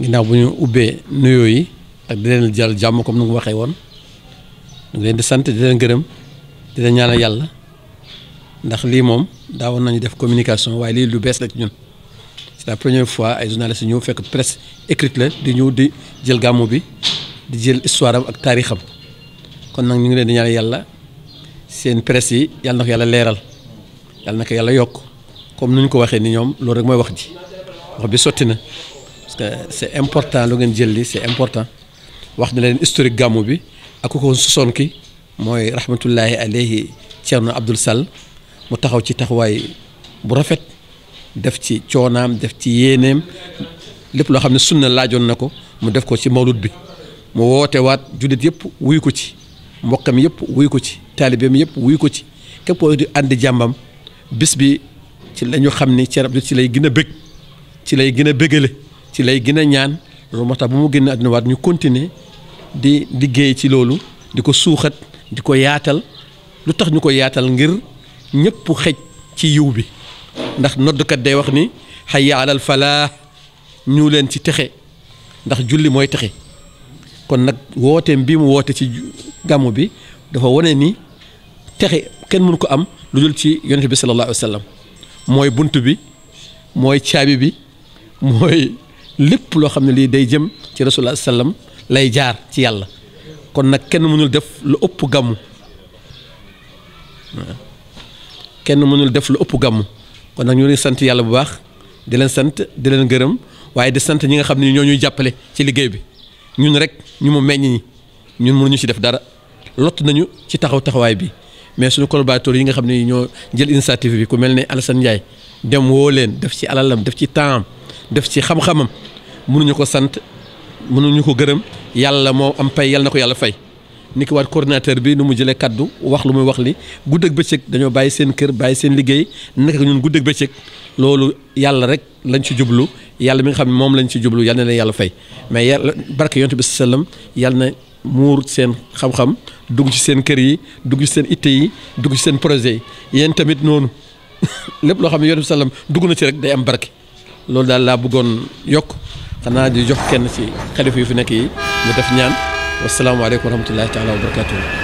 ginnaaw bu ñu ubbee nuyoo yi ak di leen jàll jàmm comme nu mu waxee woon ñu ngi leen di sant di leen gërëm di leen ñaanal yàlla ndax lii moom daawoon nañu def communication waaye lii lu bees la ci ñun c'est la première fois ay journalistes ñëw fekk presse écrite la di ñëw di jël gàmmu bi di jël histoire am ak taarixam kon nag ñu ngi leen di ñaanal yàlla seen presse yi yàlla na ko yàlla leeral yàlla na ko yàlla yokk comme nu ñu ko waxee ni ñoom loolu rek mooy wax ji c'est important lu ngeen jël li c'est important wax na leen historique gàmmu bi ak ku ko sosoon ki mooy rahmatullahi alayhi Thierno Abdoul sal mu taxaw ci taxawaay bu rafet def ci coonaam def ci yéeneem lépp loo xam ne sunna laajoon na ko mu def ko ci mawlud bi mu woote waat jullit yëpp wuy ko ci mbokkam yëpp wuy ko ci taalibeem yëpp wuy ko ci képp koo di ànd jàmbam bis bi ci la ñu xam ni Thierno Abdoul ci lay gën a bég ci lay gën a bégale ci lay gën a ñaan loolu moo tax bu mu génn àdduna waat ñu continuer di liggéey ci loolu di ko suuxat di ko yaatal lu tax ñu ko yaatal ngir ñëpp xej ci yiw bi ndax noddkat day wax ni hayya alal falaax ñu leen ci texe ndax julli mooy texe kon nag wooteem bi mu woote ci gàmmu bi dafa wane ni texe kenn mënu ko am lu dul ci yonent bi sallallahu alayhi mooy bunt bi mooy caabi bi mooy lépp loo xam ne lii day jëm ci rasul sallam lay jaar ci yàlla kon nag kenn mënul def lu ëpp gàmmu kenn mënul def lu ëpp gàmmu kon nag ñu ngi sant yàlla bu baax di leen sant di leen gërëm waaye di sant ñi nga xam ne ñoo ñuy jàppale ci liggéey bi ñun rek ñu mu meññ ñi ñun mënuñu ci def dara lott nañu ci taxaw taxawaay bi mais suñu collaborateurs yi nga xam ne ñoo jël initiative bi ku mel ne Alassane Ndiaye dem woo leen def ci alalam def ci temps def ci xam-xamam mënuñu ko sant mënuñu ko gërëm yàlla moo am pay yàlla na ko yàlla fay ni ko waat coordinateur bi nu mu jëlee kàddu wax lu muy wax li guddeeg bëccëg dañoo bàyyi seen kër bàyyi seen liggéey naka ñun guddeeg bëccëg loolu yàlla rek lañ ci jublu yàlla mi nga xam moom lañ ci jublu yàlla leen yàlla fay mais yàlla barke yonent bi sallam yàlla na muur seen xam-xam dugg ci seen kër yi dugg ci seen itte yi dugg ci seen projet yi yéen tamit noonu lépp loo xam ne yonent bi dugg na ci day am barke loolu daal laa bëggoon yokk xanaa di jox kenn ci xalifa yu fi nekk yi mu def ñaan wasalaamaaleykum wa rahmatullahi taala wa barakatuh